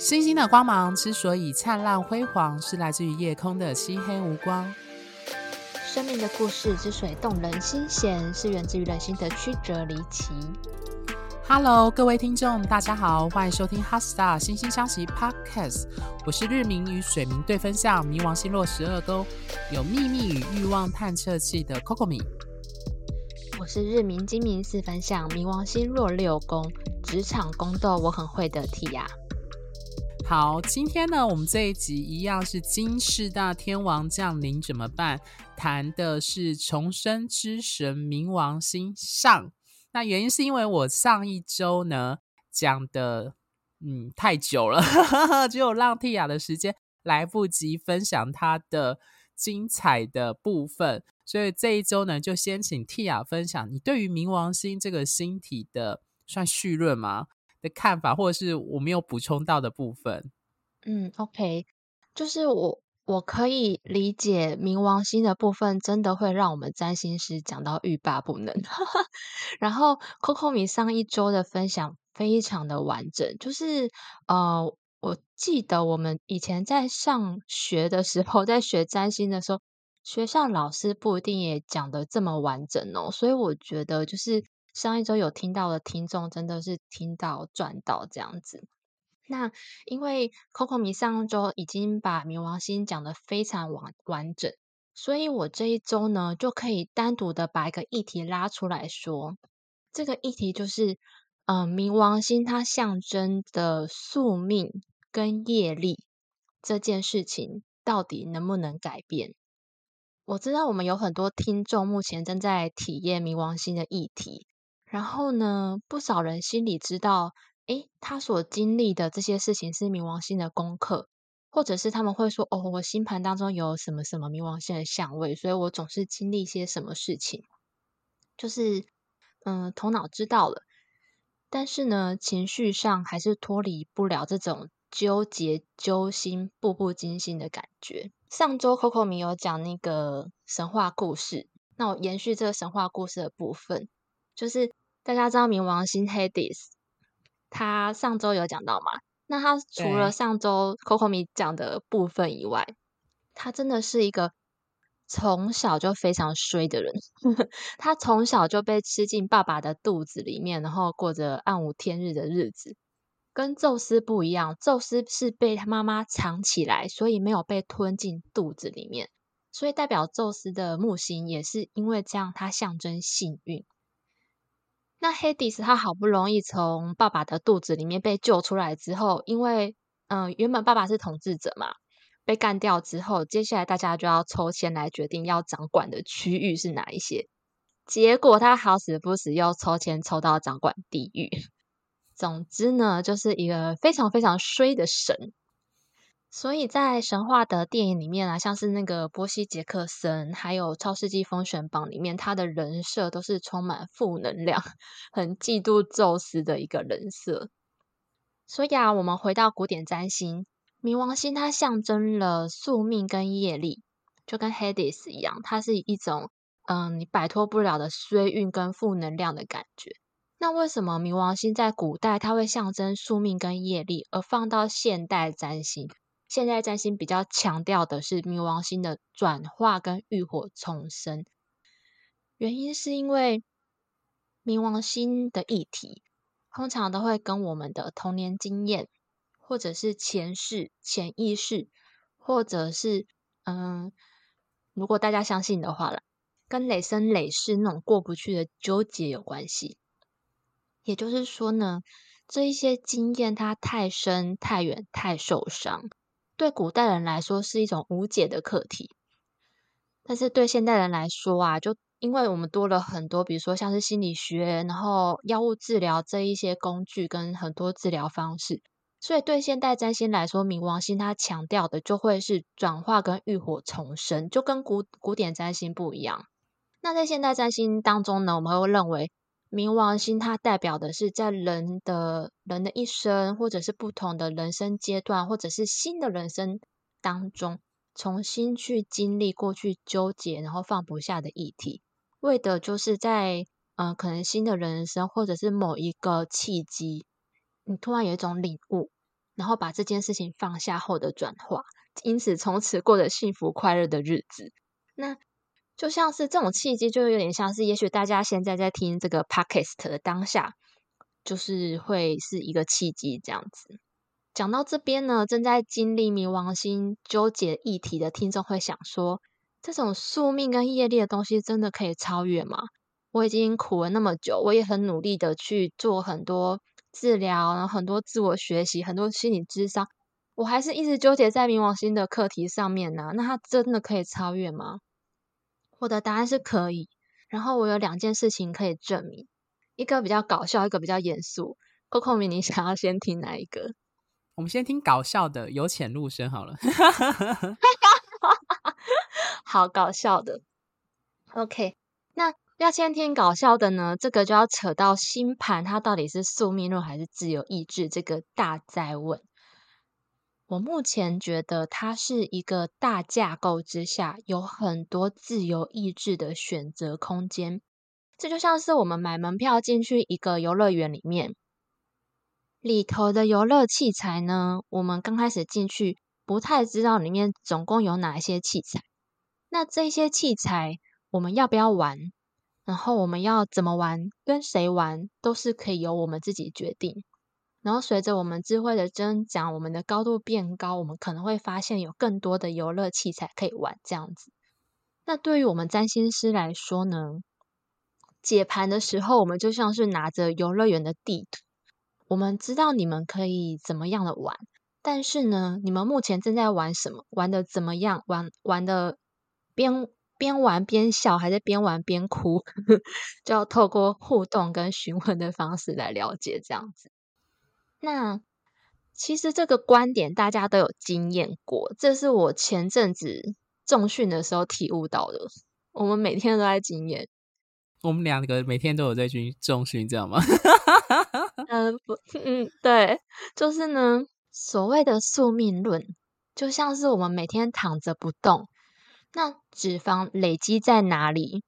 星星的光芒之所以燦爛輝煌，是來自於夜空的漆黑無光。生命的故事之所以動人心弦，是源自於人心的曲折離奇。Hello，各位聽眾，大家好，歡迎收聽《HeartStar 心星相惜 Podcast》我。我是日明與水明對分相，冥王星落十二宮，有秘密與慾望探測器的 Coco 米。我是日明金明四分相《冥王星落六宮，職場宮鬥我很會得體呀、啊。好，今天呢，我們這一集一樣是驚！四大天王降臨怎麼辦？談的是重生之神冥王星上。那原因是因為我上一周呢講的嗯，太久了， 只有讓蒂雅的時間來不及分享他的精彩的部分，所以這一周呢就先請蒂雅分享你對於冥王星這個星體的算序論嗎？的看法，或者是我沒有補充到的部分。嗯，OK，就是我我可以理解冥王星的部分，真的會讓我們占星師講到慾罷不能。 然後 Coco 米上一周的分享非常的完整，就是呃，我記得我們以前在上學的時候，在學占星的時候，學校老師不一定也講得這麼完整哦，所以我覺得就是。上一周有聽到的聽眾真的是聽到賺到這樣子。那因為 Coco 米上周已經把冥王星講得非常完完整，所以我這一周呢就可以單獨的把一個議題拉出來說。這個議題就是，嗯、呃，冥王星它象徵的宿命跟業力這件事情，到底能不能改變？我知道我們有很多聽眾目前正在體驗冥王星的議題。然後呢，不少人心裡知道，誒，他所經歷的這些事情是冥王星的功課，或者是他們會說，哦，我星盤當中有什麼什麼冥王星的相位，所以我總是經歷一些什麼事情，就是，嗯，頭腦知道了，但是呢，情緒上還是脫離不了這種糾結、揪心、步步驚心的感覺。上周 Cocomi 有講那個神話故事，那我延續這個神話故事的部分，就是。大家知道冥王星 Hades 他上周有講到嗎？那他除了上周 Coco 米講的部分以外，他真的是一個從小就非常衰的人。 他從小就被吃進爸爸的肚子裡面，然後過着暗無天日的日子。跟宙斯不一樣，宙斯是被他媽媽藏起來，所以沒有被吞進肚子裡面。所以代表宙斯的木星也是因為這樣，他象徵幸運。那黑迪斯，他好不容易從爸爸的肚子裡面被救出來之後，因為嗯，原本爸爸是統治者嘛，被幹掉之後，接下來大家就要抽籤來決定要掌管的區域是哪一些。結果他好死不死又抽籤抽到掌管地獄，總之呢，就是一個非常非常衰的神。所以在神話的電影裡面啊，像是那個波西·傑克森，還有《超世紀封神榜》裡面，他的人設都是充滿負能量，很嫉妒宙斯的一個人設。所以啊，我們回到古典占星，冥王星它象徵了宿命跟業力，就跟 Hades 一樣，它是一種嗯，你擺脫不了的衰運跟負能量的感覺。那為什麼冥王星在古代它會象徵宿命跟業力，而放到現代占星，現在占星比較強調的是冥王星的轉化跟浴火重生，原因是因為冥王星的議題通常都會跟我們的童年經驗，或者是前世、潛意識，或者是嗯、呃，如果大家相信的話啦，跟累生累世那種過不去的糾結有關係。也就是說呢，這一些經驗它太深、太遠、太受傷。對古代人來說是一種無解的課題，但是對現代人來說啊，就因為我們多了很多，比如說像是心理學，然後藥物治療這一些工具跟很多治療方式，所以對現代占星來說，冥王星它強調的就會是轉化跟浴火重生，就跟古古典占星不一樣。那在現代占星當中呢，我們會認為。冥王星它代表的是在人的人的一生，或者是不同的人生階段，或者是新的人生當中，重新去經歷過去糾結，然後放不下的議題，為的就是在嗯、呃，可能新的人生，或者是某一個契機，你突然有一種領悟，然後把這件事情放下後的轉化，因此從此過着幸福快樂的日子。那就像是這種契機，就有點像是，也許大家現在在聽這個 podcast 的當下，就是會是一個契機這樣子。講到這邊呢，正在經歷冥王星糾結議題的聽眾會想說：這種宿命跟業力的東西，真的可以超越嗎？我已經苦了那麼久，我也很努力的去做很多治療，然後很多自我學習，很多心理諮商，我還是一直糾結在冥王星的課題上面呢、啊。那它真的可以超越嗎？我的答案是可以，然後我有兩件事情可以證明，一個比較搞笑，一個比較嚴肅。郭孔明，你想要先聽哪一個？我們先聽搞笑的，由淺入深好了。 好，搞笑的。OK，那要先聽搞笑的呢？這個就要扯到星盤，它到底是宿命論還是自由意志，這個大哉問。我目前覺得它是一個大架構之下，有很多自由意志的選擇空間。這就像是我們買門票進去一個遊樂園裡面，裡頭的遊樂器材呢，我們剛開始進去不太知道裡面總共有哪一些器材。那這些器材我們要不要玩，然後我們要怎麼玩，跟誰玩，都是可以由我們自己決定。然後隨着我們智慧的增長，我們的高度變高，我們可能會發現有更多的遊樂器材可以玩這樣子。那對於我們占星師來說呢，解盤的時候，我們就像是拿着遊樂園的地圖，我們知道你們可以怎麼樣的玩，但是呢，你們目前正在玩什麼，玩的怎麼樣，玩玩的邊邊玩邊笑，還是邊玩邊哭， 就要透過互動跟詢問的方式來了解這樣子。那其實這個觀點大家都有經驗過，這是我前陣子重訓的時候體悟到的。我們每天都在經驗，我們兩個每天都有在訓重訓，你知道嗎？嗯 呃，不，嗯，對，就是呢，所謂的宿命論，就像是我們每天躺着不動，那脂肪累積在哪裡？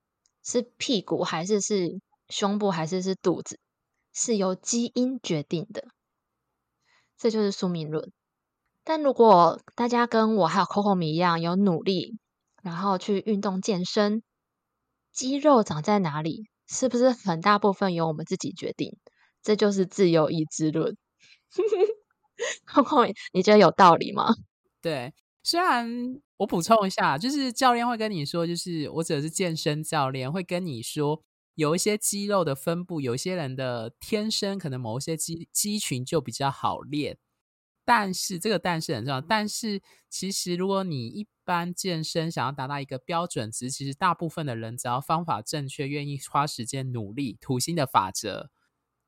是屁股，還是是胸部，還是是肚子？是由基因決定的。這就是宿命論，但如果大家跟我還有 Coco 米一樣有努力，然後去運動健身，肌肉長在哪裡，是不是很大部分由我們自己決定？這就是自由意志論。 Coco 米，你覺得有道理嗎？對，雖然我補充一下，就是教練會跟你說，就是我只是健身教練會跟你說。有一些肌肉的分佈，有一些人的天生可能某一些肌肌群就比較好練，但是這個但是很重要。但是其實如果你一般健身想要達到一個標準值，其實大部分的人只要方法正確、願意花時間努力，土星的法則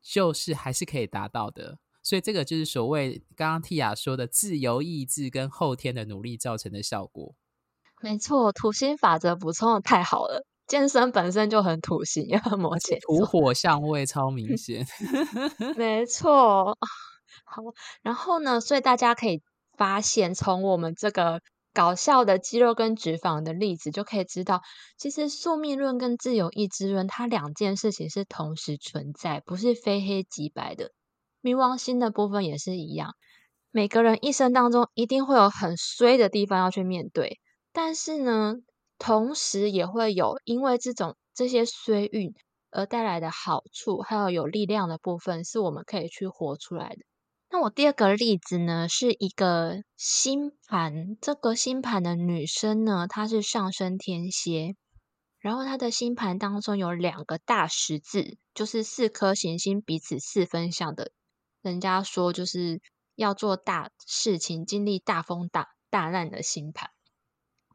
就是還是可以達到的。所以這個就是所謂剛剛蒂亞說的自由意志跟後天的努力造成的效果。沒錯，土星法則補充得太好了。健身本身就很土星，也很摩羯，土火相位超明顯。 沒錯，好，然後呢？所以大家可以發現，從我們這個搞笑的肌肉跟脂肪的例子，就可以知道，其實宿命論跟自由意志論，它兩件事情是同時存在，不是非黑即白的。冥王星的部分也是一樣，每個人一生當中一定會有很衰的地方要去面對，但是呢？同時也會有，因為這種這些衰運而帶來的好處，還有有力量的部分，是我們可以去活出來的。那我第二個例子呢，是一個星盤，這個星盤的女生呢，她是上升天蠍，然後她的星盤當中有兩個大十字，就是四顆行星彼此四分相的，人家說就是要做大事情，經歷大風大大浪的星盤。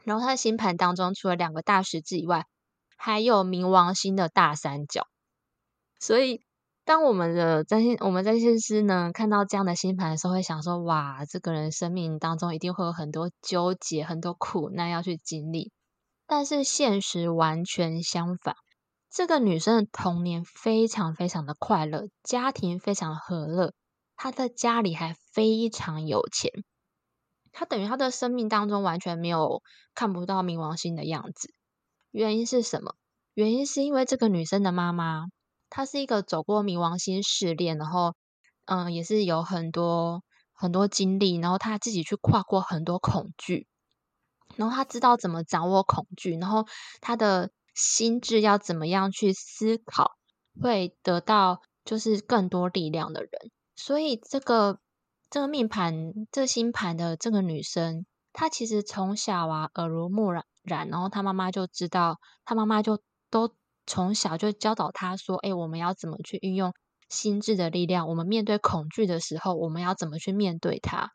然後，他的星盤當中除了兩個大十字以外，還有冥王星的大三角。所以，當我們的占星，我們在占星師呢看到這樣的星盤的時候，會想說：“哇，這個人生命當中一定會有很多糾結、很多苦難要去經歷。”但是，現實完全相反。這個女生的童年非常非常的快樂，家庭非常和樂，她在家裡還非常有錢。他等於他的生命當中完全沒有看不到冥王星的樣子，原因是什麼？原因是因為這個女生的媽媽，她是一個走過冥王星試煉，然後，嗯，也是有很多很多經歷，然後她自己去跨過很多恐懼，然後她知道怎麼掌握恐懼，然後她的心智要怎麼樣去思考，會得到就是更多力量的人，所以這個。這個命盤、這個星盤的這個女生，她其實從小啊耳濡目染，然後她媽媽就知道，她媽媽就都從小就教導她說：“哎，我們要怎麼去運用心智的力量？我們面對恐懼的時候，我們要怎麼去面對它？”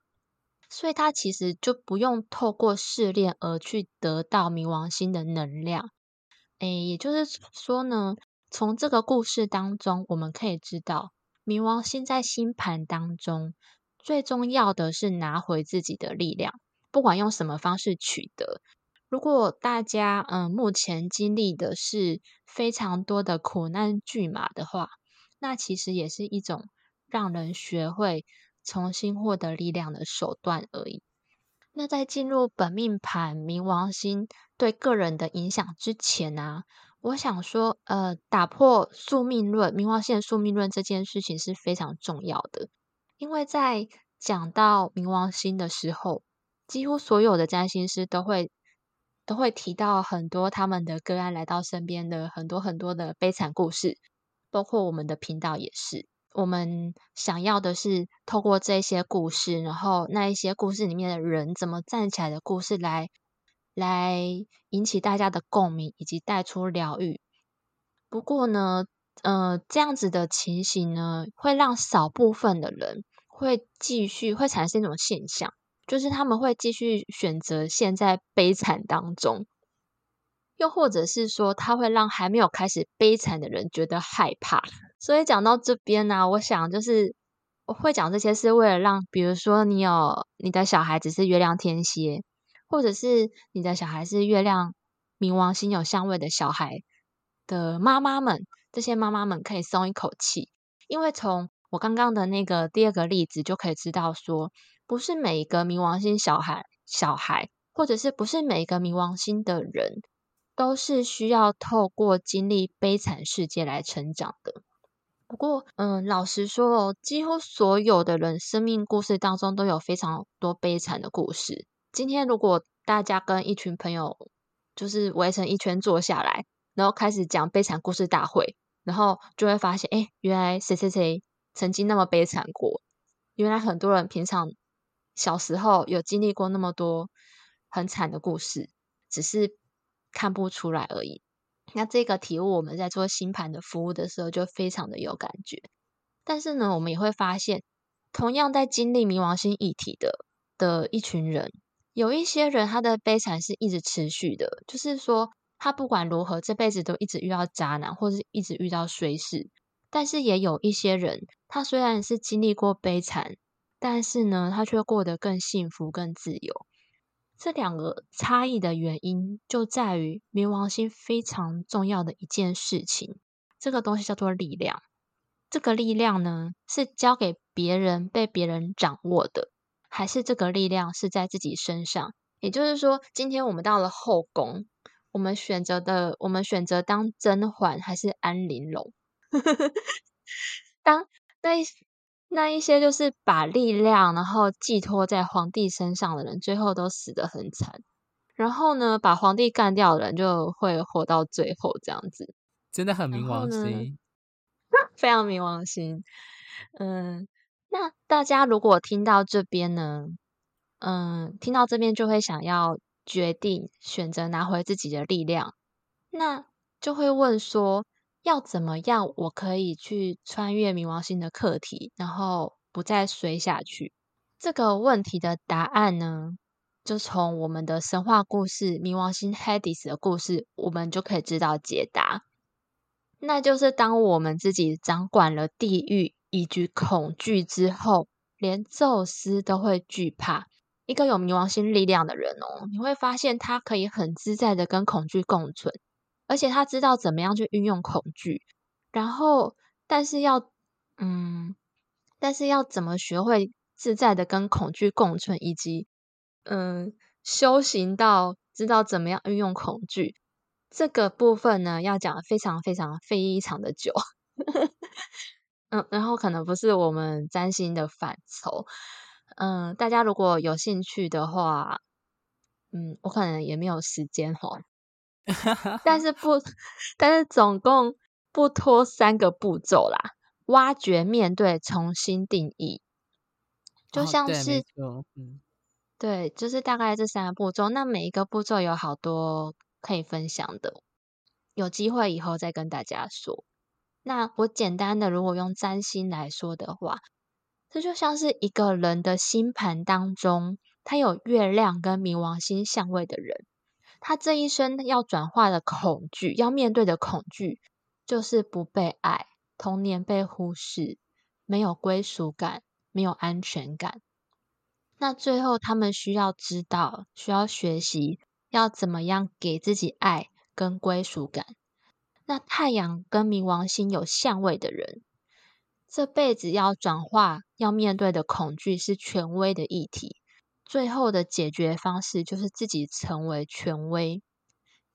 所以她其實就不用透過試煉而去得到冥王星的能量。誒，也就是說呢，從這個故事當中，我們可以知道，冥王星在星盤當中。最重要的是拿回自己的力量，不管用什麼方式取得。如果大家嗯、呃、目前經歷的是非常多的苦難巨馬的話，那其實也是一種讓人學會重新獲得力量的手段而已。那在進入本命盤冥王星對個人的影響之前呢、啊，我想說呃，打破宿命論，冥王星宿命論這件事情是非常重要的。因為在講到冥王星的時候，幾乎所有的占星師都會都會提到很多他們的個案來到身邊的很多很多的悲慘故事，包括我們的頻道也是。我們想要的是透過這些故事，然後那一些故事裡面的人怎麼站起來的故事來，來來引起大家的共鳴，以及帶出療癒。不過呢，呃，這樣子的情形呢，會讓少部分的人。會繼續會產生一種現象，就是他們會繼續選擇陷在悲慘當中，又或者是說，他會讓還沒有開始悲慘的人覺得害怕。所以講到這邊呢、啊，我想就是我會講這些，是為了讓，比如說你有你的小孩子是月亮天蠍，或者是你的小孩是月亮冥王星有相位的小孩的媽媽們，這些媽媽們可以鬆一口氣，因為從我剛剛的那個第二個例子就可以知道說，說不是每一個冥王星小孩，小孩，或者是不是每一個冥王星的人，都是需要透過經歷悲慘世界來成長的。不過，嗯，老實說哦，幾乎所有的人生命故事當中都有非常多悲慘的故事。今天如果大家跟一群朋友，就是圍成一圈坐下來，然後開始講悲慘故事大會，然後就會發現，哎，原來誰誰誰。曾經那麼悲慘過，原來很多人平常小時候有經歷過那麼多很慘的故事，只是看不出來而已。那這個體悟，我們在做星盤的服務的時候就非常的有感覺。但是呢，我們也會發現，同樣在經歷冥王星議題的的一群人，有一些人他的悲慘是一直持續的，就是說他不管如何，這輩子都一直遇到渣男，或者是一直遇到衰事。但是也有一些人，他雖然是經歷過悲慘，但是呢，他卻過得更幸福、更自由。這兩個差異的原因就在於冥王星非常重要的一件事情，這個東西叫做力量。這個力量呢，是交給別人、被別人掌握的，還是這個力量是在自己身上？也就是說，今天我們到了後宮，我們選擇的，我們選擇當甄嬛還是安陵容？ 當那那一些就是把力量，然後寄託在皇帝身上的人，最後都死得很慘。然後呢，把皇帝幹掉的人就會活到最後，這樣子真的很冥王星，非常冥王星。嗯，那大家如果聽到這邊呢，嗯，聽到這邊就會想要決定選擇拿回自己的力量，那就會問說。要怎麼樣，我可以去穿越冥王星的課題，然後不再衰下去？這個問題的答案呢，就從我們的神話故事——冥王星 Hades 的故事，我們就可以知道解答。那就是當我們自己掌管了地獄以及恐懼之後，連宙斯都會懼怕一個有冥王星力量的人哦。你會發現，他可以很自在的跟恐懼共存。而且他知道怎麼樣去運用恐懼，然後，但是要，嗯，但是要怎麼學會自在的跟恐懼共存，以及，嗯，修行到知道怎麼樣運用恐懼這個部分呢，要講非常非常非常的久， 嗯，然後可能不是我們占星的範疇，嗯，大家如果有興趣的話，嗯，我可能也沒有時間吼、哦 但是不，但是總共不拖三個步驟啦。挖掘、面對、重新定義，就像是，嗯、哦，對，就是大概這三個步驟。那每一個步驟有好多可以分享的，有機會以後再跟大家說。那我簡單的，如果用占星來說的話，這就像是一個人的星盤當中，他有月亮跟冥王星相位的人。他這一生要轉化的恐懼，要面對的恐懼，就是不被愛，童年被忽視，沒有歸屬感，沒有安全感。那最後，他們需要知道，需要學習，要怎麼樣給自己愛跟歸屬感。那太陽跟冥王星有相位的人，這輩子要轉化、要面對的恐懼是權威的議題。最後的解決方式就是自己成為權威。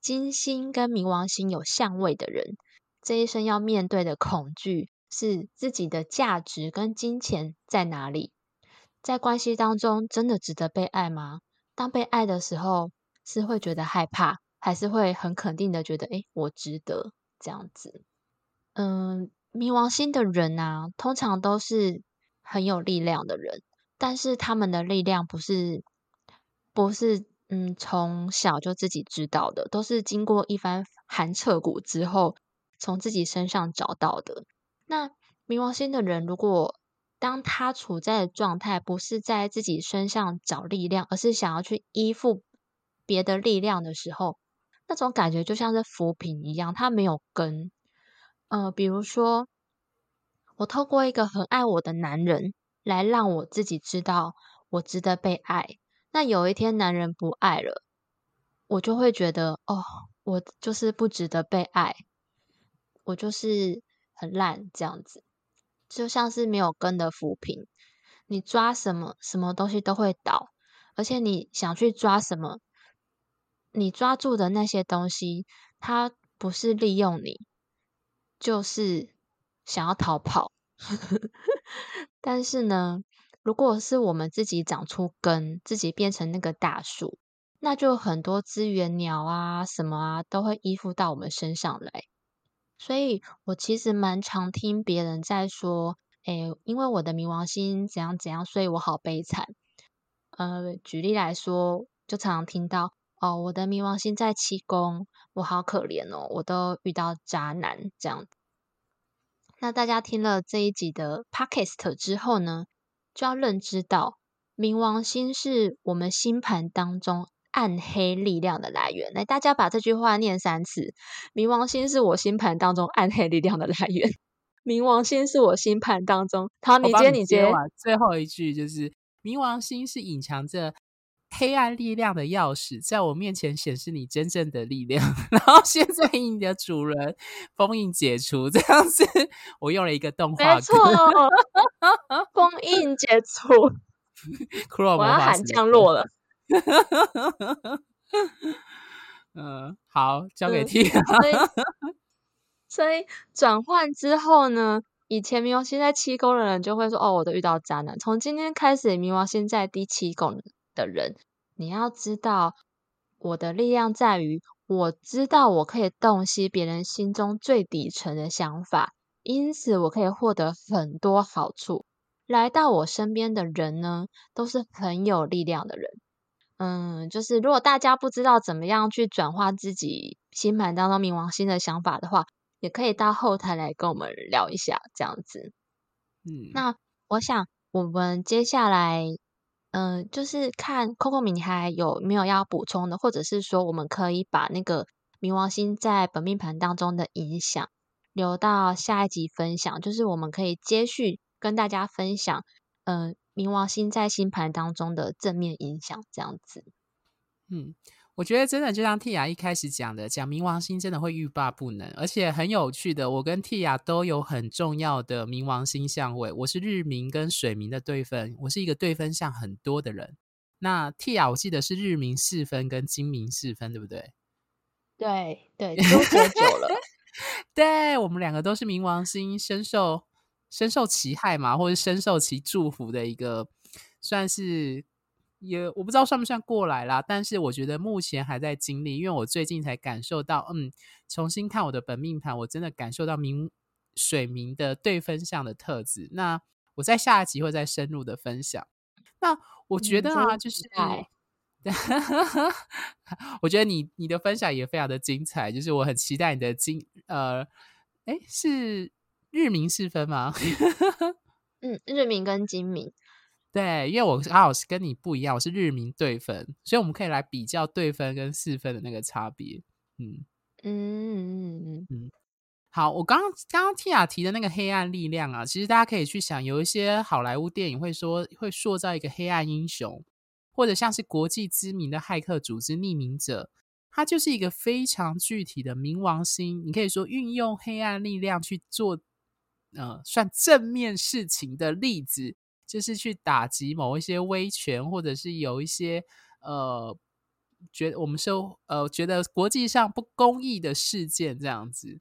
金星跟冥王星有相位的人，這一生要面對的恐懼是自己的價值跟金錢在哪裡？在關係當中，真的值得被愛嗎？當被愛的時候，是會覺得害怕，還是會很肯定的覺得，哎、欸，我值得這樣子。嗯，冥王星的人啊，通常都是很有力量的人。但是他們的力量不是不是嗯從小就自己知道的，都是經過一番寒徹骨之後從自己身上找到的。那冥王星的人，如果當他處在的狀態不是在自己身上找力量，而是想要去依附別的力量的時候，那種感覺就像是浮萍一樣，他沒有根。呃，比如說，我透過一個很愛我的男人，來讓我自己知道我值得被愛。那有一天男人不愛了，我就會覺得哦，我就是不值得被愛，我就是很爛這樣子。就像是沒有根的浮萍，你抓什麼什麼東西都會倒，而且你想去抓什麼，你抓住的那些東西，它不是利用你，就是想要逃跑。 但是呢，如果是我們自己長出根，自己變成那個大樹，那就很多資源鳥啊、什麼啊，都會依附到我們身上來。所以我其實蠻常聽別人在說，誒、欸，因為我的冥王星怎樣怎樣，所以我好悲慘。呃，舉例來說，就常常聽到哦，我的冥王星在七宮，我好可憐哦，我都遇到渣男這樣子。那大家聽了這一集的 podcast 之後呢，就要認知到冥王星是我們星盤當中暗黑力量的來源。來，大家把這句話念三次：冥王星是我星盤當中暗黑力量的來源。冥王星是我星盤當中。好，你接你接，你接。最後一句就是：冥王星是隱藏着。黑暗力量的鑰匙，在我面前顯示你真正的力量， 然後現在你的主人封印解除，這樣子，我用了一個動畫。沒錯，封印解除， 我要喊降落了。 嗯，好，交給 T、嗯。所以轉換之後呢，以前冥王星在七宮的人就會說：“哦，我都遇到渣男。”從今天開始，冥王星在第七宮。的人，你要知道我的力量在於，我知道我可以洞悉別人心中最底層的想法，因此我可以獲得很多好處。來到我身邊的人呢，都是很有力量的人。嗯，就是如果大家不知道怎麼樣去轉化自己星盤當中冥王星的想法的話，也可以到後台來跟我們聊一下，這樣子。嗯，那我想我們接下來。嗯，就是看扣扣明，你還有沒有要補充的，或者是說我們可以把那個冥王星在本命盤當中的影響留到下一集分享，就是我們可以接續跟大家分享，嗯、呃，冥王星在星盤當中的正面影響這樣子，嗯。我覺得真的就像蒂亞一開始講的，講冥王星真的會欲罷不能，而且很有趣的。我跟蒂亞都有很重要的冥王星相位，我是日冥跟水冥的對分，我是一個對分相很多的人。那蒂亞我記得是日冥四分跟金冥四分，對不對？對對，對 都多久了？對我們兩個都是冥王星，深受深受其害嘛，或者深受其祝福的一個算是。也我不知道算不算過來啦，但是我覺得目前還在經歷，因為我最近才感受到，嗯，重新看我的本命盤，我真的感受到冥水冥的對分相的特質。那我在下一集會再深入的分享。那我覺得啊，就是，我覺得你你的分享也非常的精彩，就是我很期待你的金呃，哎，是日冥四分嗎？ 嗯，日冥跟金冥。對，因為我、啊、我是跟你不一樣，我是日冥對分，所以我們可以來比較對分跟四分的那個差別。嗯嗯嗯嗯嗯。好，我剛剛剛剛提、提的那個黑暗力量啊，其實大家可以去想，有一些好萊塢電影會說會塑造一個黑暗英雄，或者像是國際知名的駭客組織匿名者，他就是一個非常具體的冥王星，你可以說運用黑暗力量去做，呃，算正面事情的例子。就是去打擊某一些威權，或者是有一些呃，覺得我們說呃，覺得國際上不公義的事件這樣子。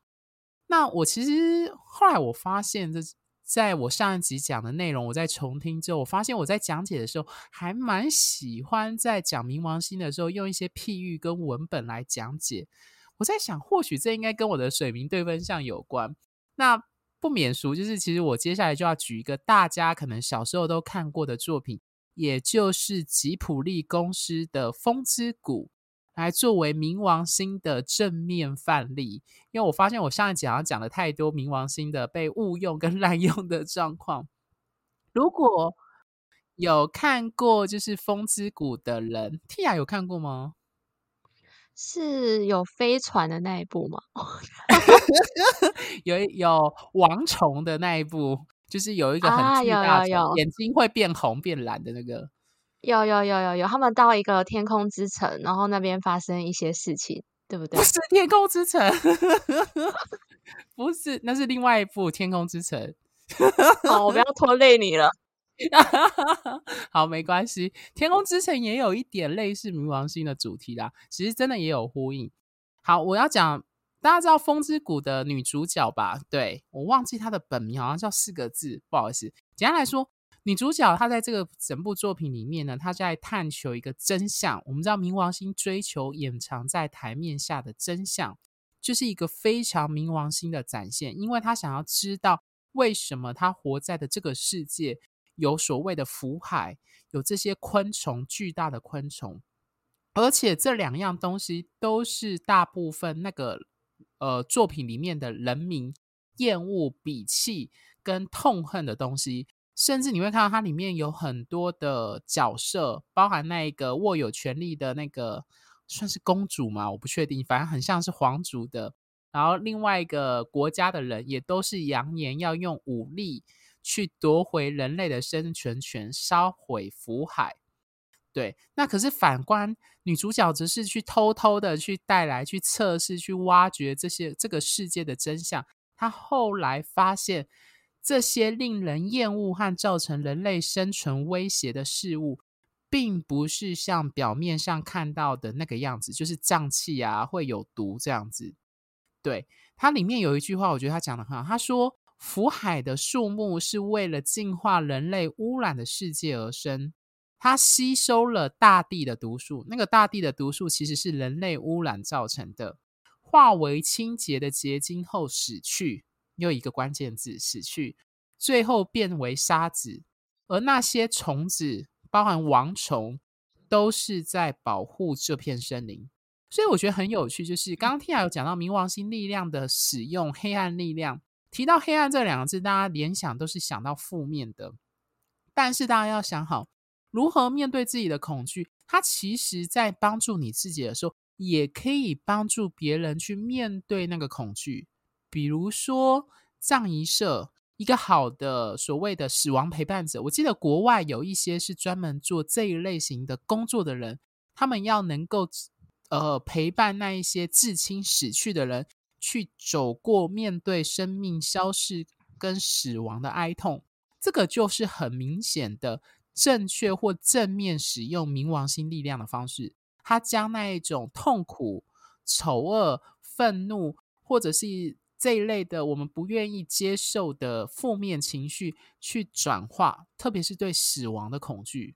那我其實後來我發現這，這在我上一集講的內容，我再重聽之後，我發現我在講解的時候，還蠻喜歡在講冥王星的時候，用一些譬喻跟文本來講解。我在想，或許這應該跟我的水冥對分相有關。那不免俗，就是其實我接下來就要舉一個大家可能小時候都看過的作品，也就是吉卜力公司的《風之谷》，來作為冥王星的正面範例。因為我發現我上一集好像講了太多冥王星的被誤用跟濫用的狀況。如果有看過就是《風之谷》的人，Tia 有看過嗎？是有飛船的那一部嗎？ 有，有王蟲的那一部，就是有一個很巨大的、啊、眼睛會變紅變藍的那個。有有有有有，他們到一個天空之城，然後那邊發生一些事情，對不對？不是天空之城！ 不是，那是另外一部《天空之城。》 好、哦，我不要拖累你了。 好，沒關係。天空之城也有一點類似冥王星的主題啦，其實真的也有呼應。好，我要講，大家知道風之谷的女主角吧？對，我忘記她的本名，好像叫四個字，不好意思。簡單來說，女主角她在這個整部作品裡面呢，她在探求一個真相。我們知道冥王星追求掩藏在台面下的真相，就是一個非常冥王星的展現，因為她想要知道為什麼她活在的這個世界，有所謂的腐海，有這些昆蟲，巨大的昆蟲，而且這兩樣東西都是大部分那個呃作品裡面的人民厭惡、鄙棄跟痛恨的東西。甚至你會看到它裡面有很多的角色，包含那一個握有權力的那個算是公主嘛，我不確定，反正很像是皇族的。然後另外一個國家的人也都是揚言要用武力。去奪回人類的生存權，燒毀腐海。對，那可是反觀女主角則是去偷偷地去帶來、去測試、去挖掘這些這個世界的真相。她後來發現，這些令人厭惡和造成人類生存威脅的事物，並不是像表面上看到的那個樣子，就是瘴氣啊，會有毒這樣子。對，它裡面有一句話，我覺得他講得很好。他說。福海的樹木是為了淨化人類污染的世界而生，它吸收了大地的毒素。那個大地的毒素其實是人類污染造成的，化為清潔的結晶後死去。又一個關鍵字：死去，最後變為沙子。而那些蟲子，包含王蟲，都是在保護這片森林。所以我覺得很有趣，就是剛剛聽還有講到冥王星力量的使用，黑暗力量。提到「黑暗」這兩個字，大家聯想都是想到負面的。但是大家要想好如何面對自己的恐懼。它其實，在幫助你自己的時候，也可以幫助別人去面對那個恐懼。比如說葬儀社，一個好的所謂的死亡陪伴者。我記得國外有一些是專門做這一類型的工作的人，他們要能夠呃陪伴那一些至親死去的人。去走過面對生命消逝跟死亡的哀痛，這個就是很明顯的正確或正面使用冥王星力量的方式。它將那一種痛苦、醜惡、憤怒，或者是這一類的我們不願意接受的負面情緒去轉化，特別是對死亡的恐懼。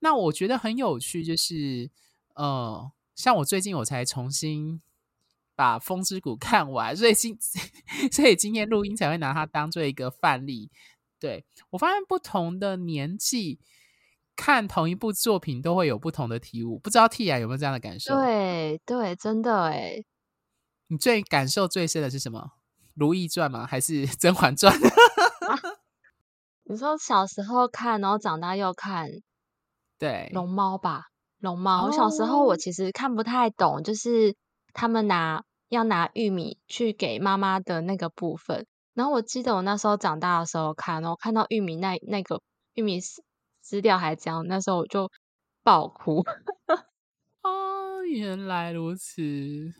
那我覺得很有趣，就是，呃，像我最近我才重新。把《風之谷》看完，所以今所以今天錄音才會拿它當做一個範例。對，我發現，不同的年紀看同一部作品都會有不同的體悟。不知道 Tia 有沒有這樣的感受？對對，真的哎。你最感受最深的是什麼？《如懿傳》嗎？還是《甄嬛傳》 啊？你說小時候看，然後長大又看，對《龍貓》吧，《龍貓》oh.。我小時候我其實看不太懂，就是他們拿。要拿玉米去給媽媽的那個部分，然後我記得我那時候長大的時候看，然後看到玉米那那個玉米枝枝還這樣，那時候我就爆哭。啊、 哦，原來如此，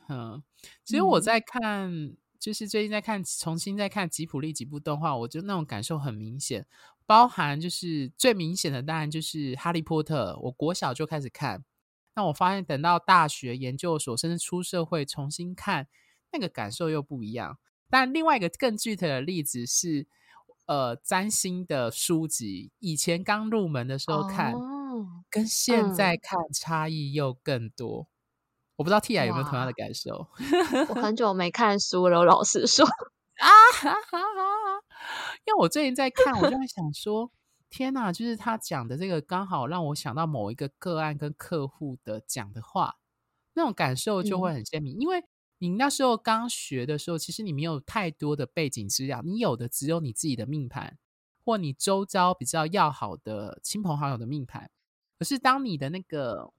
嗯。其實我在看、嗯，就是最近在看，重新在看吉普力幾部動畫，我就那種感受很明顯，包含就是最明顯的，當然就是《哈利波特》，我國小就開始看。但我發現，等到大學、研究所，甚至出社會，重新看那個感受又不一樣。但另外一個更具體的例子是，呃，占星的書籍，以前剛入門的時候看，oh, 跟現在看差異又更多，嗯。我不知道 Tia 有沒有同樣的感受？我很久沒看書了，我老實說 啊，哈哈哈，因為我最近在看，我就會想說。 天吶、啊，就是他講的這個，剛好讓我想到某一個個案跟客戶的講的話，那種感受就會很鮮明。嗯。因為你那時候剛學的時候，其實你沒有太多的背景資料，你有的只有你自己的命盤，或你周遭比較要好的親朋好友的命盤。可是當你的那個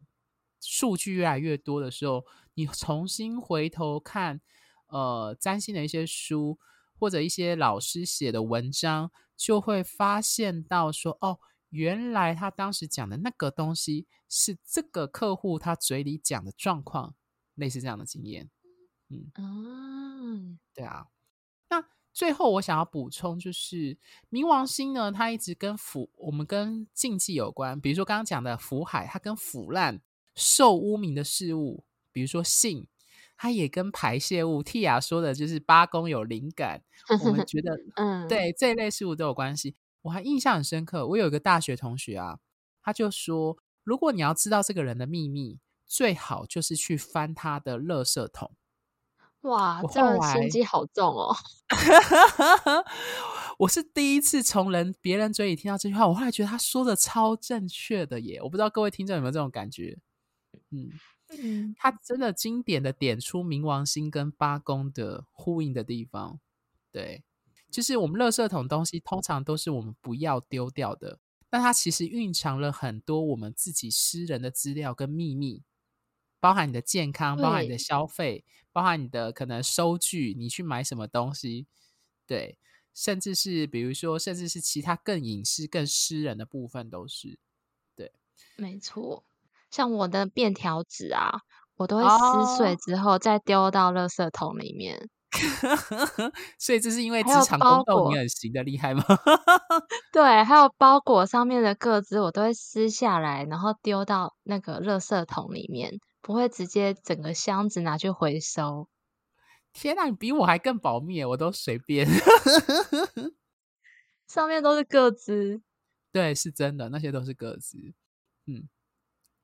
數據越來越多的時候，你重新回頭看，呃，占星的一些書，或者一些老師寫的文章。就會發現到說，哦，原來他當時講的那個東西是這個客戶他嘴裡講的狀況，類似這樣的經驗，嗯，啊、嗯，對啊。那最後我想要補充就是，冥王星呢，它一直跟腐，我們跟禁忌有關，比如說剛剛講的腐海，它跟腐爛、受污名的事物，比如說性。他也跟排泄物 Tia 說的就是八公有靈感，我們覺得， 嗯，對這一類事物都有關係。我還印象很深刻，我有一個大學同學啊，他就說，如果你要知道這個人的秘密，最好就是去翻他的垃圾桶。哇，這種心機好重哦！ 我是第一次從人別人嘴裡聽到這句話，我後來覺得他說的超正確的耶！我不知道各位聽眾有沒有這種感覺？嗯。嗯，它真的經典的點出冥王星跟八宮的呼應的地方，對，就是我們垃圾桶的東西通常都是我們不要丟掉的，但它其實蘊藏了很多我們自己私人的資料跟秘密，包含你的健康，包含你的消費，包含你的可能收據，你去買什麼東西，對，甚至是比如說，甚至是其他更隱私、更私人的部分都是，對，沒錯。像我的便條紙啊，我都會撕碎之後再丟到垃圾桶裡面。Oh. 所以這是因為職場工作包裹你很行的厲害嗎？ 對，還有包裹上面的個資，我都會撕下來，然後丟到那個垃圾桶裡面，不會直接整個箱子拿去回收。天哪、啊，你比我還更保密，我都隨便。 上面都是個資，對，是真的，那些都是個資，嗯。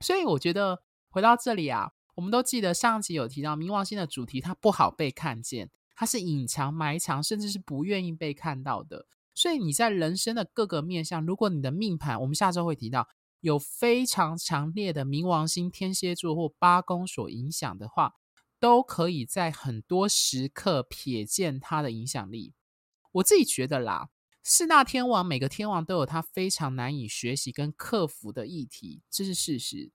所以我覺得回到這裡啊，我們都記得上集有提到冥王星的主題，它不好被看見，它是隱藏、埋藏，甚至是不願意被看到的。所以你在人生的各個面向，如果你的命盤，我們下周會提到，有非常強烈的冥王星、天蠍座或八宮所影響的話，都可以在很多時刻瞥見它的影響力。我自己覺得啦。四大天王，每個天王都有他非常難以學習跟克服的議題，這是事實。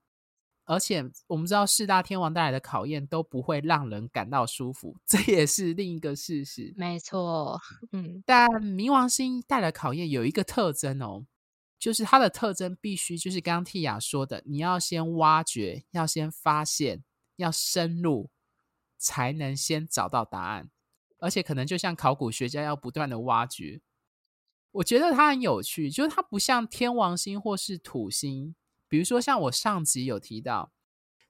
而且我們知道，四大天王帶來的考驗都不會讓人感到舒服，這也是另一個事實。沒錯，嗯。但冥王星帶來的考驗有一個特徵哦，就是它的特徵必須就是剛剛蒂亞說的，你要先挖掘，要先發現，要深入，才能先找到答案。而且可能就像考古學家要不斷的挖掘。我覺得它很有趣，就是它不像天王星或是土星。比如說，像我上集有提到，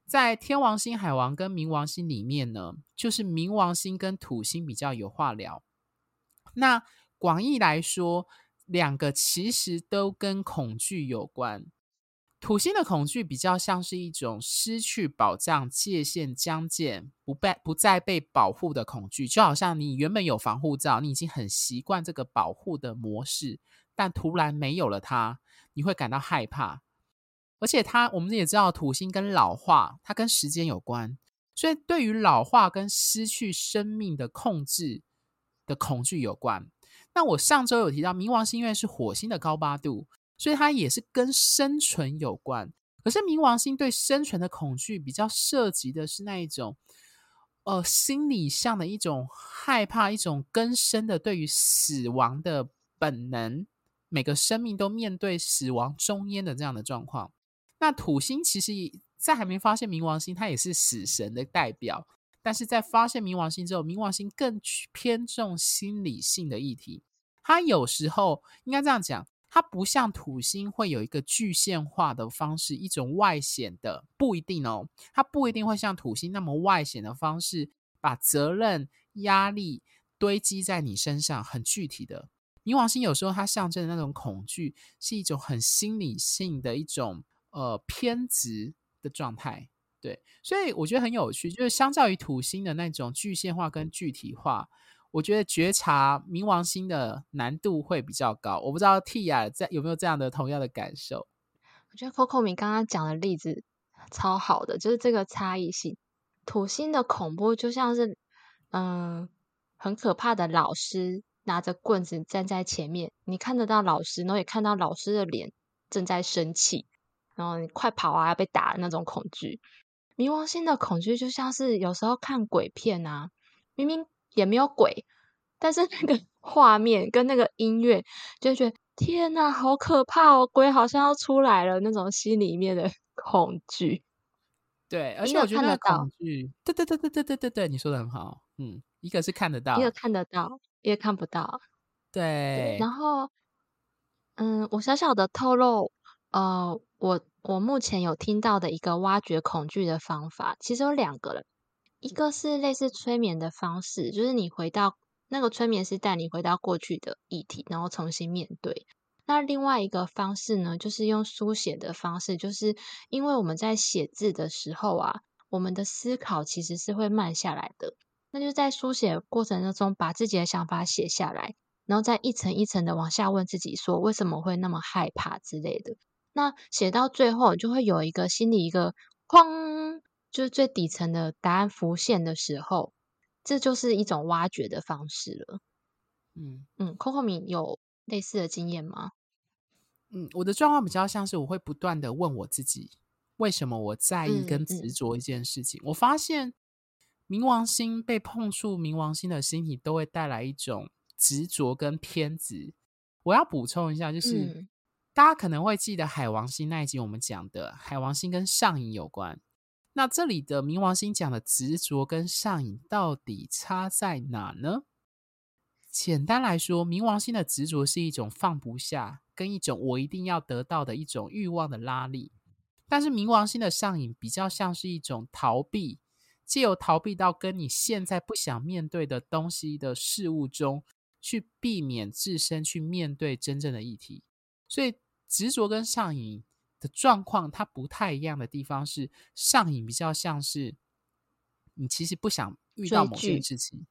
在天王星、海王跟冥王星裡面呢，就是冥王星跟土星比較有話聊。那廣義來說，兩個其實都跟恐懼有關。土星的恐懼比較像是一種失去保障、界限將建、不被不再被保護的恐懼，就好像你原本有防護罩，你已經很習慣這個保護的模式，但突然沒有了它，你會感到害怕。而且它，它我們也知道土星跟老化，它跟時間有關，所以對於老化跟失去生命的控制的恐懼有關。那我上周有提到冥王星，因為是火星的高八度。所以它也是跟生存有關，可是冥王星對生存的恐懼比較涉及的是那一種，呃，心理上的一種害怕，一種更深的對於死亡的本能。每個生命都面對死亡中間的這樣的狀況。那土星其實在還沒發現冥王星，它也是死神的代表，但是在發現冥王星之後，冥王星更偏重心理性的議題。它有時候應該這樣講。它不像土星會有一個具現化的方式，一種外顯的，不一定哦，它不一定會像土星那麼外顯的方式，把責任壓力堆積在你身上，很具體的。冥王星有時候它象徵的那種恐懼，是一種很心理性的一種呃偏執的狀態。對，所以我覺得很有趣，就是相較於土星的那種具現化跟具體化。我覺得覺察冥王星的難度會比較高，我不知道 T 啊，在有沒有這樣的同樣的感受。我覺得 Coco 明剛剛講的例子超好的，就是這個差異性。土星的恐怖就像是，嗯、呃，很可怕的老師拿着棍子站在前面，你看得到老師，然後也看到老師的臉正在生氣，然後你快跑啊，被打那種恐懼。冥王星的恐懼就像是有時候看鬼片啊，明明，也沒有鬼，但是那個畫面跟那個音樂，就覺得天吶，啊，好可怕哦，鬼好像要出來了那種心裡面的恐懼。對，而且我覺得那個恐懼，對對對對對對對對，你說的很好，嗯，一個是看得到，一個看得到，一個看不到，對。對然後，嗯，我小小的透露，呃，我我目前有聽到的一個挖掘恐懼的方法，其實有兩個了。一個是類似催眠的方式，就是你回到那個催眠是帶你回到過去的議題，然後重新面對。那另外一個方式呢，就是用書寫的方式，就是因為我們在寫字的時候啊，我們的思考其實是會慢下來的。那就在書寫過程當中，把自己的想法寫下來，然後再一層一層的往下問自己，說為什麼會那麼害怕之類的。那寫到最後，就會有一個心理一個框，就是最底層的答案浮現的時候，這就是一種挖掘的方式了。嗯嗯 Kokomi 有類似的經驗嗎？嗯，我的狀況比較像是我會不斷的問我自己，為什麼我在意跟執着一件事情、嗯嗯？我發現冥王星被碰觸，冥王星的星體都會帶來一種執着跟偏執。我要補充一下，就是、嗯、大家可能會記得海王星那一集，我們講的海王星跟上癮有關。那這裡的冥王星講的執着跟上癮到底差在哪呢？簡單來說，冥王星的執着是一種放不下，跟一種我一定要得到的一種慾望的拉力；但是冥王星的上癮比較像是一種逃避，借由逃避到跟你現在不想面對的東西的事物中，去避免自身去面對真正的議題。所以執着跟上癮。的狀況，它不太一樣的地方是上癮，比較像是你其實不想遇到某些事情，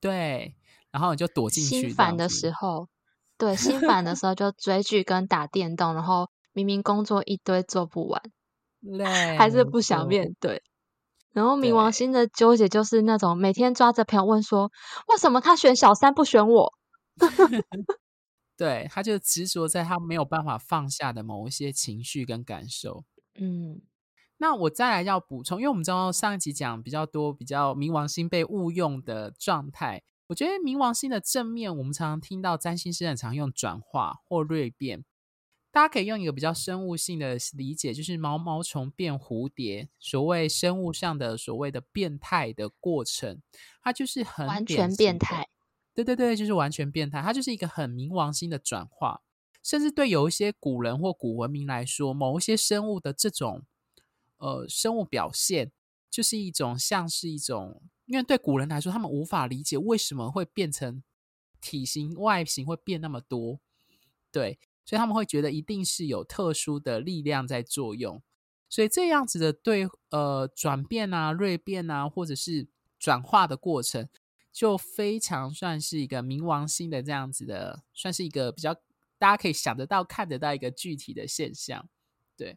對，然後你就躲進去。心煩的時候，對，心煩的時候就追劇跟打電動， 然後明明工作一堆做不完，累還是不想面對，對。然後冥王星的糾結就是那種每天抓着朋友問說，為什麼他選小三不選我？ 對，他就執着在他沒有辦法放下的某一些情緒跟感受。嗯，那我再來要補充，因為我們知道上一集講比較多比較冥王星被誤用的狀態。我覺得冥王星的正面，我們常常聽到占星師很常用轉化或蛻變。大家可以用一個比較生物性的理解，就是毛毛蟲變蝴蝶，所謂生物上的所謂的變態的過程，它就是很完全變態。對對對，就是完全變態，它就是一個很冥王星的轉化。甚至對有一些古人或古文明來說，某一些生物的這種呃生物表現，就是一種像是一種，因為對古人來說，他們無法理解為什麼會變成體型外形會變那麼多。對，所以他們會覺得一定是有特殊的力量在作用。所以這樣子的對呃轉變啊、蛻變啊，或者是轉化的過程。就非常算是一個冥王星的這樣子的，算是一個比較大家可以想得到、看得到一個具體的現象。對，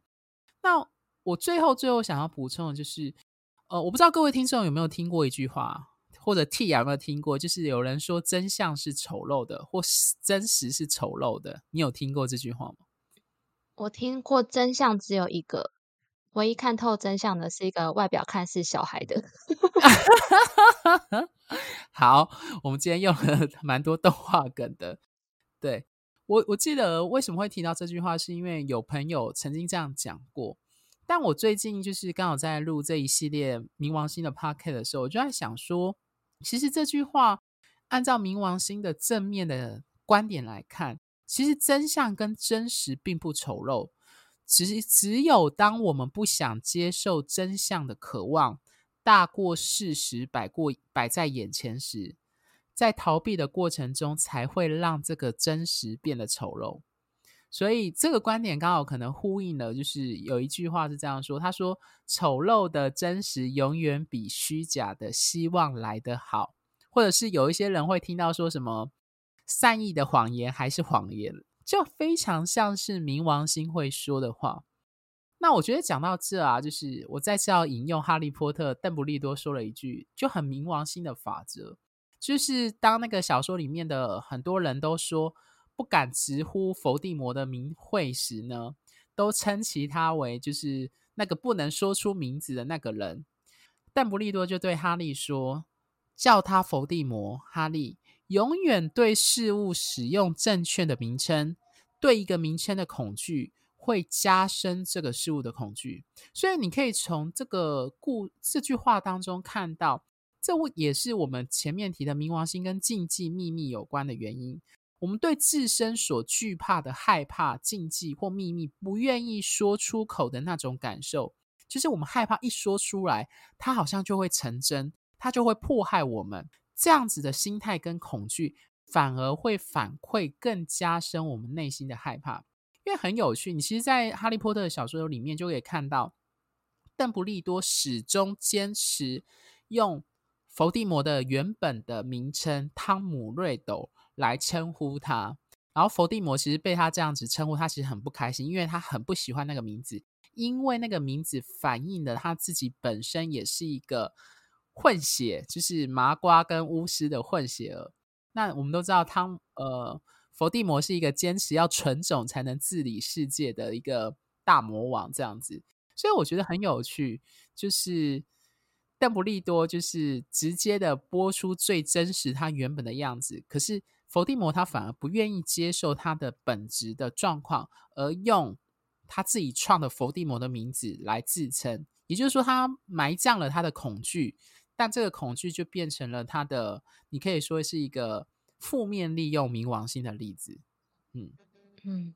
那我最後最後想要補充的就是，呃，我不知道各位聽眾有沒有聽過一句話，或者 T 有沒有聽過，就是有人說真相是醜陋的，或是真實是醜陋的。你有聽過這句話嗎？我聽過，真相只有一個。唯一看透真相的是一個外表看似小孩的。 好，我們今天用了蠻多動畫梗的。對我，我記得為什麼會提到這句話，是因為有朋友曾經這樣講過。但我最近就是剛好在錄這一系列冥王星的 Podcast 的時候，我就在想說，其實這句話按照冥王星的正面的觀點來看，其實真相跟真實並不醜陋。只是只有當我們不想接受真相的渴望大過事實擺過擺在眼前時，在逃避的過程中，才會讓這個真實變得醜陋。所以這個觀點剛好可能呼應了，就是有一句話是這樣說：他說，醜陋的真實永遠比虛假的希望來得好。或者是有一些人會聽到說什麼善意的謊言還是謊言。就非常像是冥王星會說的話。那我覺得講到這啊，就是我再次要引用《哈利波特》，鄧布利多說了一句就很冥王星的法則，就是當那個小說裡面的很多人都說不敢直呼佛地魔的名諱時呢，都稱其他為就是那個不能說出名字的那個人。鄧布利多就對哈利說：“叫他佛地魔，哈利。”永遠對事物使用正確的名稱，對一個名稱的恐懼會加深這個事物的恐懼。所以你可以從這個故這句話當中看到，這也是我們前面提的冥王星跟禁忌秘密有關的原因。我們對自身所懼怕的害怕、禁忌或秘密，不願意說出口的那種感受，就是我們害怕一說出來，它好像就會成真，它就會迫害我們。這樣子的心態跟恐懼，反而會反饋更加深我們內心的害怕。因為很有趣，你其實，在《哈利波特》的小說裡面就可以看到，鄧布利多始終堅持用伏地魔的原本的名稱“湯姆·瑞斗”來稱呼他。然後，伏地魔其實被他這樣子稱呼，他其實很不開心，因為他很不喜歡那個名字，因為那個名字反映了他自己本身也是一個。混血，就是麻瓜跟巫師的混血兒。那我們都知道，湯呃，伏地魔是一個堅持要純種才能治理世界的一個大魔王這樣子。所以我覺得很有趣，就是鄧布利多就是直接的播出最真實他原本的樣子。可是伏地魔他反而不願意接受他的本質的狀況，而用他自己創的伏地魔的名字來自稱。也就是說，他埋葬了他的恐懼。但這個恐懼就變成了他的，你可以說是一個負面利用冥王星的例子。嗯嗯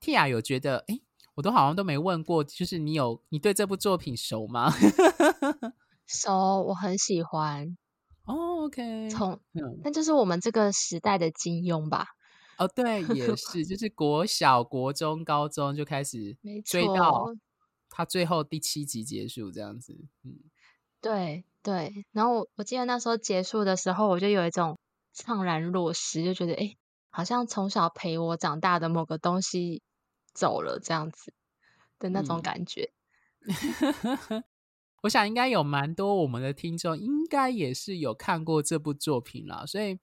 ，Tia 有覺得，哎、欸，我都好像都沒問過，就是你有你對這部作品熟嗎？ 熟，我很喜歡。Oh, OK，從那、嗯、就是我們這個時代的金庸吧。 哦，對，也是，就是國小、國中、高中就開始追到他最後第七集結束這樣子。嗯。對對，然後我我記得那時候結束的時候，我就有一種悵然若失，就覺得哎，好像從小陪我長大的某個東西走了這樣子的那種感覺。嗯、 我想應該有蠻多我們的聽眾，應該也是有看過這部作品啦，所以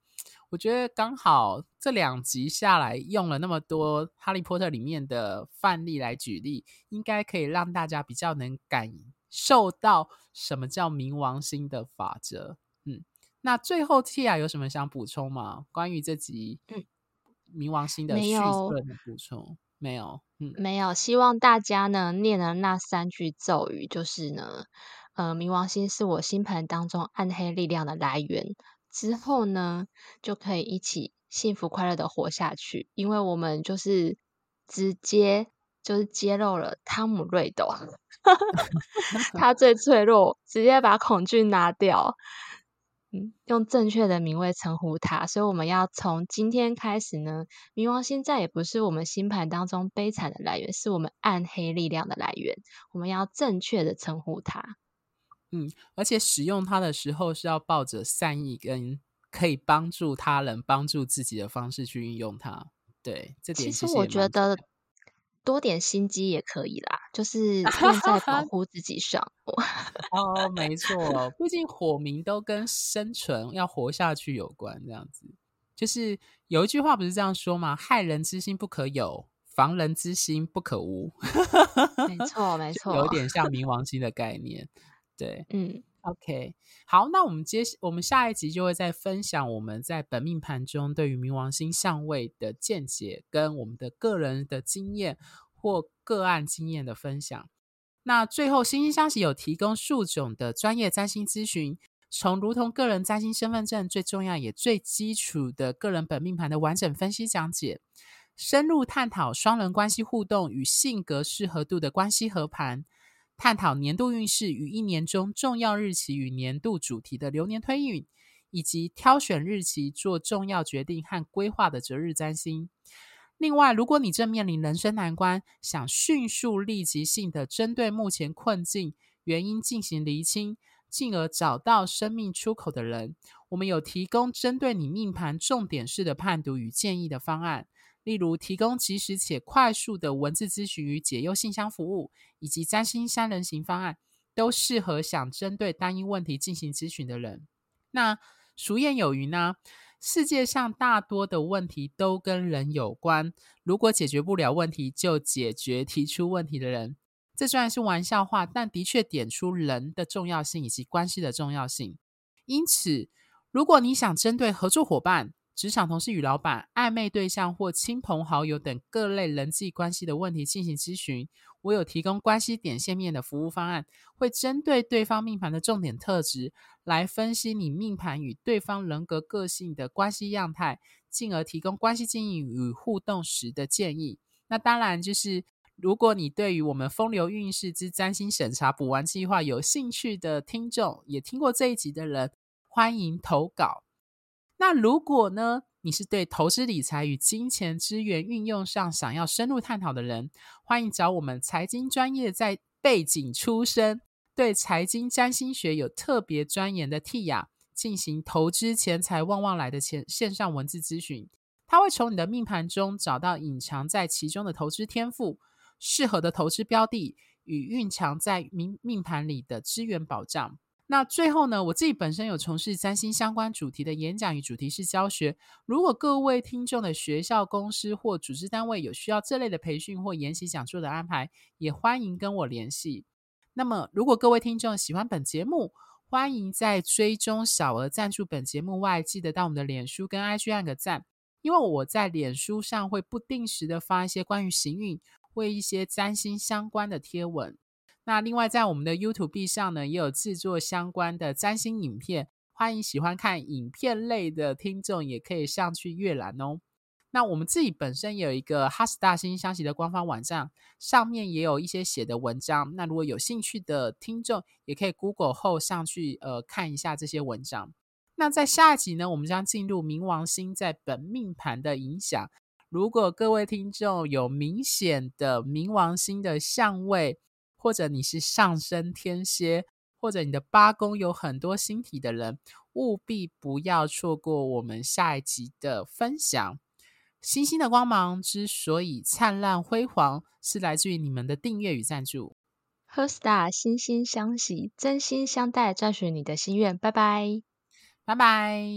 我覺得剛好這兩集下來用了那麼多《哈利波特》裡面的範例來舉例，應該可以讓大家比較能感應。受到什麼叫冥王星的法則？嗯，那最後 Tia 有什麼想補充嗎？關於這集冥王星的續論補充？嗯沒？沒有，嗯，沒有。希望大家呢唸了那三句咒語，就是呢，呃，冥王星是我星盤當中暗黑力量的來源，之後呢就可以一起幸福快樂的活下去，因為我們就是直接。就是揭露了湯姆瑞德， 他最脆弱，直接把恐懼拿掉。嗯，用正確的名位稱呼他，所以我們要從今天開始呢，冥王星再也不是我們星盤當中悲慘的來源，是我們暗黑力量的來源。我們要正確的稱呼他，嗯，而且使用它的時候是要抱着善意跟可以幫助他人、幫助自己的方式去運用它。對，這點其實，其實我覺得。多點心機也可以啦，就是用在保護自己上。 哦，沒錯，畢竟火冥都跟生存、要活下去有關。這樣子，就是有一句話不是這樣說嗎？害人之心不可有，防人之心不可無。 沒錯，沒錯，有點像冥王星的概念。對，嗯。OK，好，那我們接，我們下一集就會再分享我們在本命盤中對於冥王星相位的見解，跟我們的個人的經驗或個案經驗的分享。那最後，心星相惜有提供數種的專業占星諮詢，從如同個人占星身份證最重要也最基礎的個人本命盤的完整分析講解，深入探討雙人關係互動與性格適合度的關係合盤。探討年度運勢與一年中重要日期與年度主題的流年推運，以及挑選日期做重要決定和規劃的擇日占星。另外，如果你正面臨人生難關，想迅速立即性地針對目前困境原因進行釐清，進而找到生命出口的人，我們有提供針對你命盤重點式的判讀與建議的方案。例如，提供及時且快速的文字諮詢與解憂信箱服務，以及占星三人行方案，都適合想針對單一問題進行諮詢的人。那俗諺有云呢，世界上大多的問題都跟人有關。如果解決不了問題，就解決提出問題的人。這雖然是玩笑話，但的確點出人的重要性以及關係的重要性。因此，如果你想針對合作夥伴，職場同事與老闆、曖昧對象或親朋好友等各類人際關係的問題進行諮詢，我有提供關係點線面的服務方案，會針對對方命盤的重點特質來分析你命盤與對方人格個性的關係樣態，進而提供關係經營與互動時的建議。那當然就是，如果你對於我們《風流運勢之占星審查補完計劃》有興趣的聽眾，也聽過這一集的人，歡迎投稿。那如果呢，你是對投資理財與金錢資源運用上想要深入探討的人，歡迎找我們財經專業在背景出身、對財經占星學有特別鑽研的 T 雅進行投資錢財旺旺來的錢，線上文字諮詢。他會從你的命盤中找到隱藏在其中的投資天賦、適合的投資標的與蘊藏在命，命盤裡的資源保障。那最後呢，我自己本身有從事占星相關主題的演講與主題式教學。如果各位聽眾的學校、公司或組織單位有需要這類的培訓或研習講座的安排，也歡迎跟我聯繫。那麼，如果各位聽眾喜歡本節目，歡迎在追蹤小額贊助本節目外，記得到我們的臉書跟 IG 按個讚，因為我在臉書上會不定時的發一些關於行運，或一些占星相關的貼文。那另外，在我們的 YouTube 上呢，也有製作相關的占星影片，歡迎喜歡看影片類的聽眾也可以上去閱覽哦。那我們自己本身也有一個 HeartStar 心星相惜的官方網站，上面也有一些寫的文章。那如果有興趣的聽眾，也可以 Google 後上去呃看一下這些文章。那在下集呢，我們將進入冥王星在本命盤的影響。如果各位聽眾有明顯的冥王星的相位，或者你是上升天蠍，或者你的八宮有很多星體的人，務必不要錯過我們下一集的分享。星星的光芒之所以燦爛輝煌，是來自於你們的訂閱與贊助。HeartStar，心星相惜，真心相待，專屬於你的心願。拜拜，拜拜。